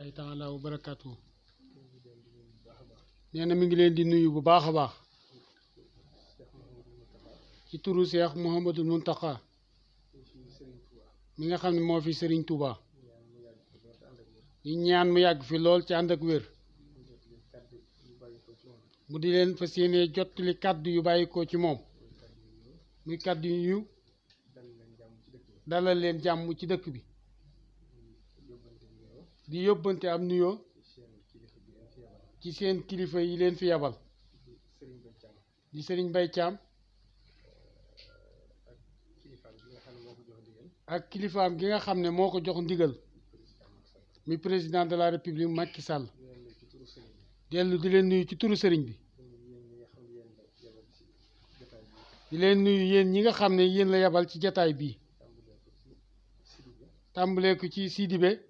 rahmatullahi taala wa barakaatu nee na mi ngi leen di nuyu bu baax a baax ci turu Cheikh Mouhamadul Mountakha mi nga xam ne moo fi sëriñ Touba ñu ñaan mu yàgg fi lool ci ànd ak wér mu di leen fas yéene jottali kàddu yu bàyyi ci moom muy kàddu yu dalal leen jàmm ci dëkk bi di yóbbante am nuyoo ci seen kilifa yi leen fi yabal di sëriñ Mbay Caam ak kilifaam gi nga xam ne moo ko jox ndigal mi président de la république Macky Sall dellu di leen nuyu ci turu sëriñ bi di leen nuyu yéen ñi nga xam ne yéen la yabal ci jataay bii tàmbalee ci Sidibé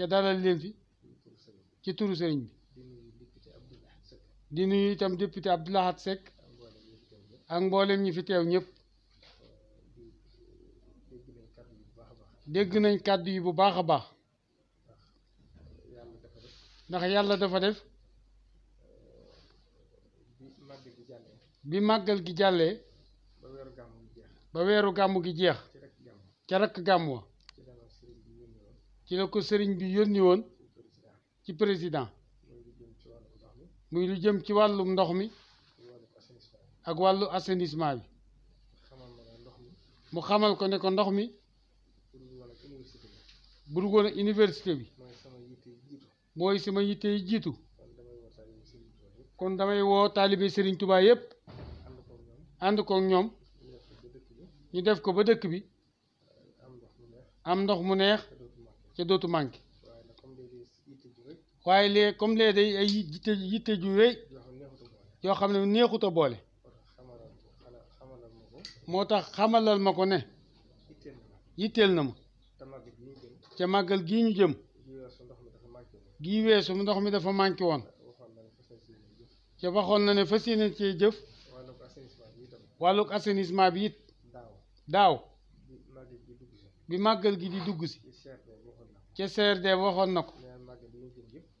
ca dalal leen fi ci turu sëriñ bi di nuyu itam député Abdou Lahad Seck ak mboolem ñi fi teew ñëpp dégg nañ kàddu yi bu baax a baax ndax yàlla dafa def bi màggal gi jàllee ba weeru gàmm gi jeex ca rakk gàmmu wa ci la ko sëriñ bi yónni woon ci président muy lu jëm ci wàllu ndox mi ak wàllu assainissement bi mu xamal ko ne ko ndox mi bu dul woon ak université bi mooy sama yitte yi jiitu kon damay woo taalibe sëriñ Tuubaa yépp ànd koog ñoom ñu def ko ba dëkk bi am ndox mu neex te dootu manqué waaye léegi comme léegi day ay yitte yitte ju rëy yoo xam ne neexut a boole moo tax xamalal ma ko ne yitteel na ma ca màggal gii ñu jëm gii weesu ndox mi dafa manqué woon ca waxoon na ne fas yéene cee jëf wàllug assainissement bi it daaw bi màggal gi di dugg si ca CRD waxoon na ko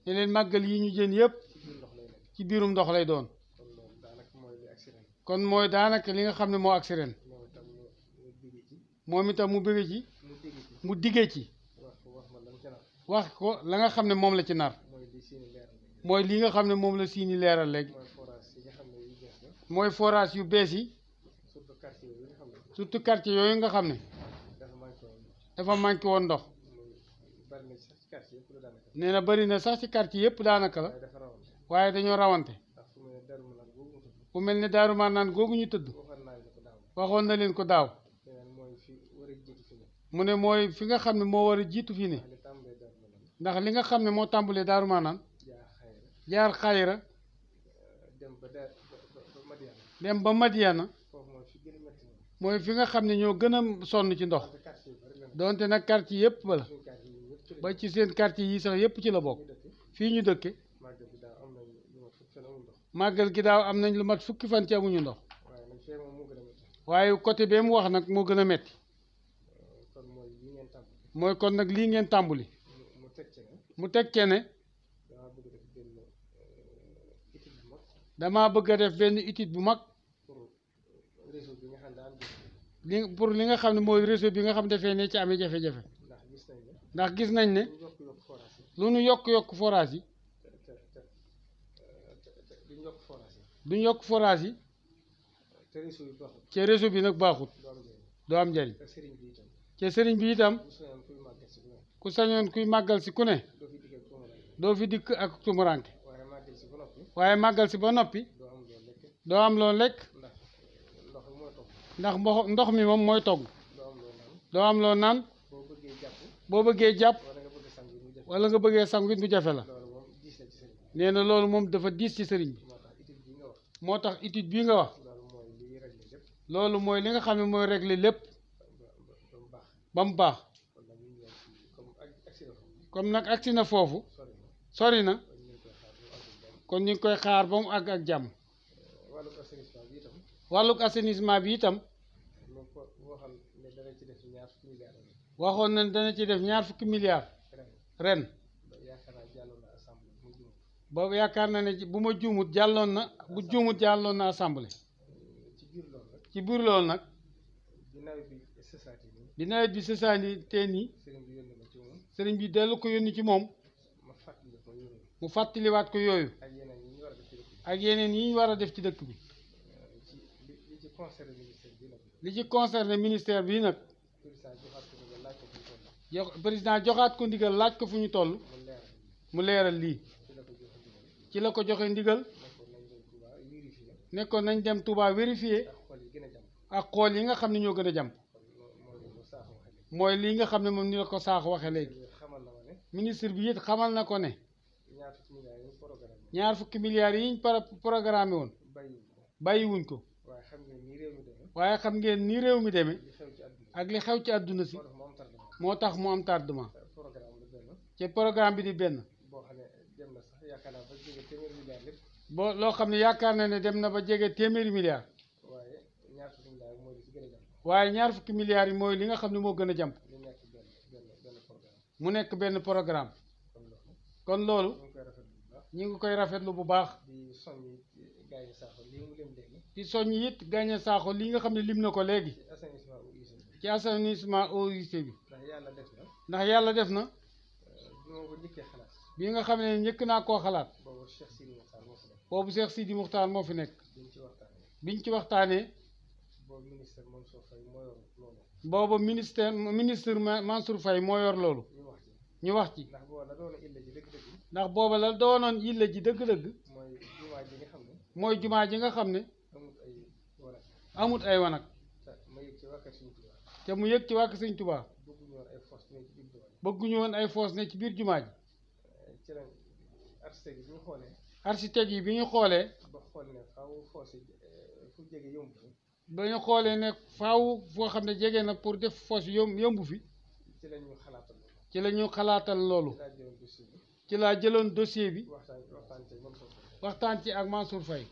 ne leen màggal yi ñu jën yëpp ci biirum ndox lay doon kon mooy daanaka li nga xam ne moo agsi moom itam mu bëgg ci mu diggee ci wax ko la nga xam ne moom la ci nar mooy li nga xam ne moom la siini leeral léegi mooy forage yu bees yi surtout quartier yooyu nga xam ne dafa manqué woon ndox nee na bëri na sax ci quartier yëpp daanaka la waaye dañoo rawante bu mel ni daaru maan naan googu ñu tëdd waxoon na leen ko daaw mu ne mooy fi nga xam ne moo war a jiitu fii ne ndax li nga xam ne moo tàmbalee daaru maan naan jaar xayra dem ba Madiana mooy fi nga xam ne ñoo gën a sonn ci ndox donte nag quartier yëpp bala ba ci seen quartier yi sax yëpp ci la bokk fii ñu dëkke màgget gi daaw am nañ lu mat fukki fan ci amuñu ndox waaye côté bee mu wax nag moo gën a metti mooy kon nag lii ngeen tàmbuli mu teg ce ne damaa bëgg a def benn étude bu mag li pour li nga xam ne mooy réseau bi nga xam defee ne ci amee jafe-jafe ndax gis nañ ne lu nu yokk-yokk forage yi du yokk forage yi ci réseau bi nag baaxut doo am njariñ cee sëriñ bi itam ku sañoon kuy màggal si ku ne doo fi dikk ak tumuranke waaye màggal si ba noppi doo am loolu lekk ndax mbox ndox mi moom mooy togg doo am loo naan boo bëggee jàpp wala nga bëggee sangu it bu jafé la néna na loolu moom dafa diis ci sëriñ bi moo tax étude bii nga wax loolu moy li nga xam moy régler lépp bam baax comme nak agsi fofu sori na kon ñing koy xaar bam ak ak jam waluk assainissement bi itam. waxal ne dana ci def ñaar waxoon nañ dana ci def ñaar fukki milliards ren boobu yaakaar na ne bu ma juumut jallon na bu juumut jàlloon na assemblée ci bir loolu nag bi nawet bi sësaani tee nii sëriñ bi dellu ko yónni ci moom mu fàttaliwaat ko yooyu ak yeneen yi ñu war def ci dëkk bi li ci concerné ministère bi nag jox président joxaat ko ndigal laaj ko fu ñu toll mu leeral lii ci la ko joxe ndigal nekkoon nañ dem Touba vérifier ak xool yi nga xam ne ñoo gën a jàmp mooy lii nga xam ne moom ni la ko saax waxe léegi ministre bi it xamal na ko ne ñaar fukki milliards yi ñu programme woon bàyyiwuñ ko waaye xam ngeen ni réew mi demee ak li xew ci àdduna si motax mo am tardement. ci programme bi di ben bo xam ne dem na sax yaakaar ba jege téeméeri milliards lépp. boo loo xam ne na ne dem na ba jégué téeméeri milliard waye ñaar fukk milliard moy li ci gën a jàmp. ñaar fukki milliards yi li nga xam mo gëna gën mu nekk ben programme. kon lolu ñi ngi koy rafetlu bu baax. di soññ it gaañu saaxo mu di nga xam lim na ko ci assainissement OIC bi. bi. yàlla def na. ndax yàlla def na. bi ma ko njëkkee bi nga xamne ñek na ko xalat xalaat. boobu Cheikh Sidi Moukhtar moo fi nekk. biñ ci waxtaanee. biñ ci waxtaanee. Mansour Faye moo yor loolu. ñu wax ci. ndax booba la doonoon illa ji dëgg-dëgg. ndax booba ji nga xam amut ay wanag. te mu yëg ci wàkk Sëñ Tuubaa. bëgguñu woon ay foos ne ci biir jumaa ji eh, ci la architecte bi ñu xoolee. architecte yi bi ñu xoolee. ba xool ne faaw foos yi eh, fu jege yomb ñu xoolee ne faaw foo xam ne jege na pour def foos yomb yomb fi. ci la ñu xalaatal loolu. ci la ñu xalaatal loolu. ci laa jëloon dossier bi. waxtaan ci ak Mansour Faye.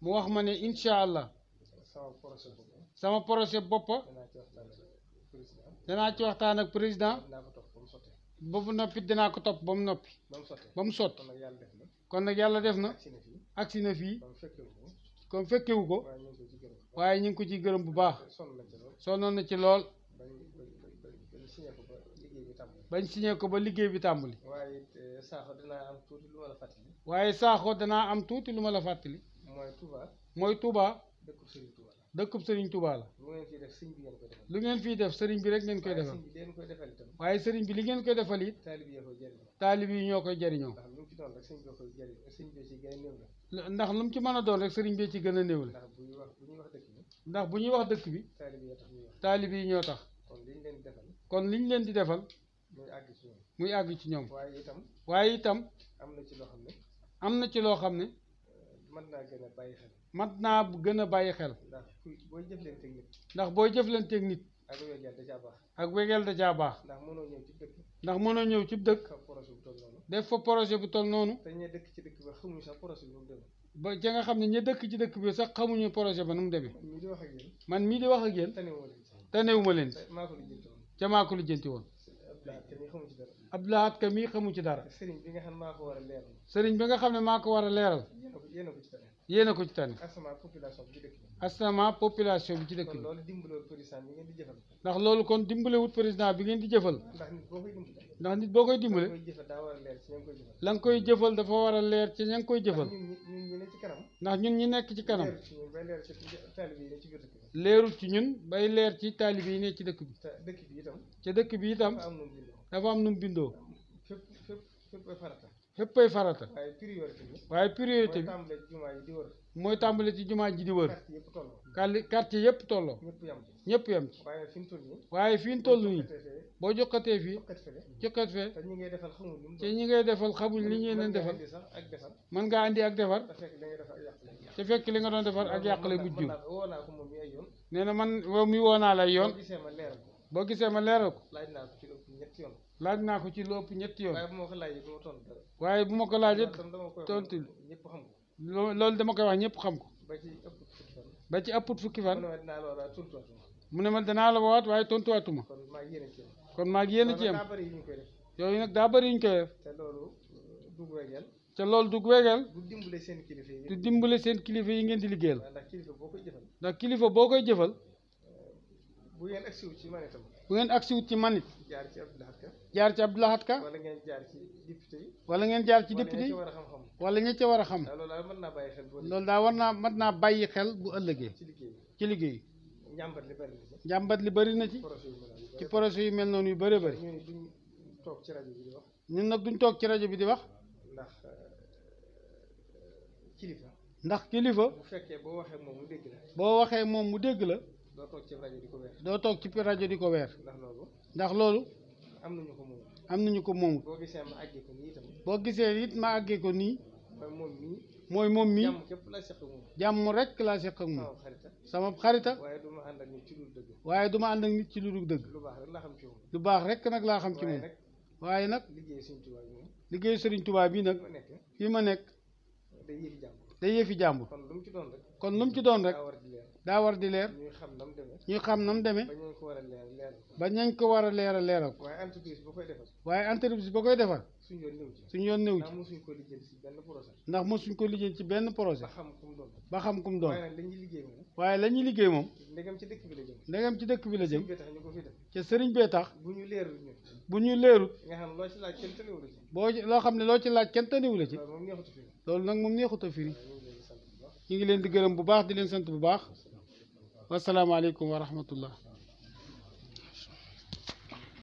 mu wax ma ne incha allah. sama projet bopp. danaa ci waxtaan ak président ba mu noppi danaa ko topp ba mu noppi ba mu sotti kon nag yàlla def na ak si na fii kon fekkewu ko waaye ñu ngi ko ciy gërëm bu baax sonnoon na ci lool bañ signé ko ba liggéey bi tàmbali waaye eh, saako danaa am tuuti lu ma la fàttali mooy Touba mooy dëkkub sëriñ Touba la. lu ngeen fii def sëriñ bi ngeen koy defal. lu ngeen fiy def sëriñ bi rek ngeen koy defal. waaye sëriñ bi li ngeen koy defal it. taalib yi ñoo koy jëriñoo. ndax lu mu ci mën a doon rek sëriñ bee ci gën a néew la. ndax bu ñuy wax dëkk bi. taalib yi ñoo tax. kon li ñu leen di defal. muy àgg ci ñoom. muy àgg ci ñoom. waaye itam. waaye itam. am na ci loo xam ne. am na ci loo xam ne. mat naa gën a bàyyi mat naa gën a bàyyi xel. booy jëflanteeg nit. ndax booy jëflanteeg nit. ak wegeel da caa baax. ak wegeel da ca baax. ndax mëno ñëw ci dëkk. ndax ñëw ci dëkk. def fa projet bu tok nonu dëkk ba xamuñu nga xamni dëkk ci dëkk bi sax xamuñu projet ba num débé man mii di wax ak yeen man mii di wax ak leen ci. ca maa ko lijjanti woon. Abdoulahat Ka xamu ci dara. serigne bi nga xamne mako wara leral serigne bi nga xamne mako wara leral ko ci tane. assainissement population bi ci dëkk bi. ndax loolu kon dimbale wut président bi ngeen di jëfal. ndax nit boo koy dimbale. la nga koy jëfal dafa war a leer ci ña nga koy jëfal. ndax ñun ñi nekk ci kanam. leerul ci ñun bay leer ci taalibe yi ne ci dëkk bi. ca dëkk bi itam. dafa am nu mu bindoo. féppay farata. waaye priorité bi. waaye priorité bi. moy tàmbale ci juma ji di wër. quartier yépp tollo ñepp yam ci waye fiñ tollu toll bo joxaté fi mu toll nii boo ñi ngay défal xamul te ñi ñen défal man nga andi ak défar té fekk li nga doon défar ak yaqalé bu jju néna man woo mi wona la yoon. bo gisé ma leeral ko. laaj na ko ci lopp ñett yoon. laaj naa ko ci lu ëpp yoon. waaye bu ma ko bu ma ko tontu. loolu dama koy wax ñëpp xam ko. ba ci ëpp fukki fan. ba ci ëpp fukki mu ne ma danaa la woowaat waaye tontuwaatuma. kon maa ngi yéen a ci yem. kon maa ngi yéen a yooyu nag daa bëri yu ñu koy def. te loolu euh, dugg wegeel. te loolu du dimbale seen kilifa dimbale seen kilifa yi ngeen di liggéeyal. ndax kilifa boo koy jëfal. bu ngeen agsi wut ci man bu ngeen agsi wut ci man jaar ci Abdou Lahad jaar ci Abdou Ka. wala ngeen jaar ci député yi. wala ngeen ci député yi. wala ngeen ca war a xam-xam. loolu daal naa bàyyi xel bu loolu war naa mën naa bàyyi xel bu ëllëgee. ci liggéey ci liggéey. njàmbat li bëri na ci. li bëri na ci. ci projet mel noonu yu bëree bëri. ñun duñ toog ci rajo bi ñun nag duñ toog ci rajo bi di wax. ndax euh, kilifa. ndax kilifa. bu fekkee boo waxee moom mu dégg la do tok ci radio di ko weer. doo ci ndax lolu ndax am ko moom. am nañu ma agge ko ni ma ko rek la xek ak sama xarita. waye duma and ak nit ci lu dul ma lu rek nak la xam ci mom waye nak liggey Serigne Touba bi nak fi ma nek day yefi jambu kon lum ci don rek. kon lum ci don rek. daa war di leer ñuy xam nam demee ñuy xam nam ba ñañ ko war a leer a leeral ko waaye entreprise ba koy defar waaye entreprise ba koy defar suñu yoon néew ci suñu yoon néew ci ndax mosuñ ko lijjanti ci benn projet ndax mosuñ ko lijjanti ci benn projet ba xam kum doon ba waaye la ñuy liggéey moom ndegam ci dëkk bi la jëm bi la jëm ca sëriñ bee tax bu ñu leerul bu ñu leerul nga xam loo la boo loo xam ne loo ci laaj kenn tëniwu la ci loolu nag moom neexut a firi ñu ngi leen di gërëm bu baax di leen sant bu baax والسلام عليكم ورحمة الله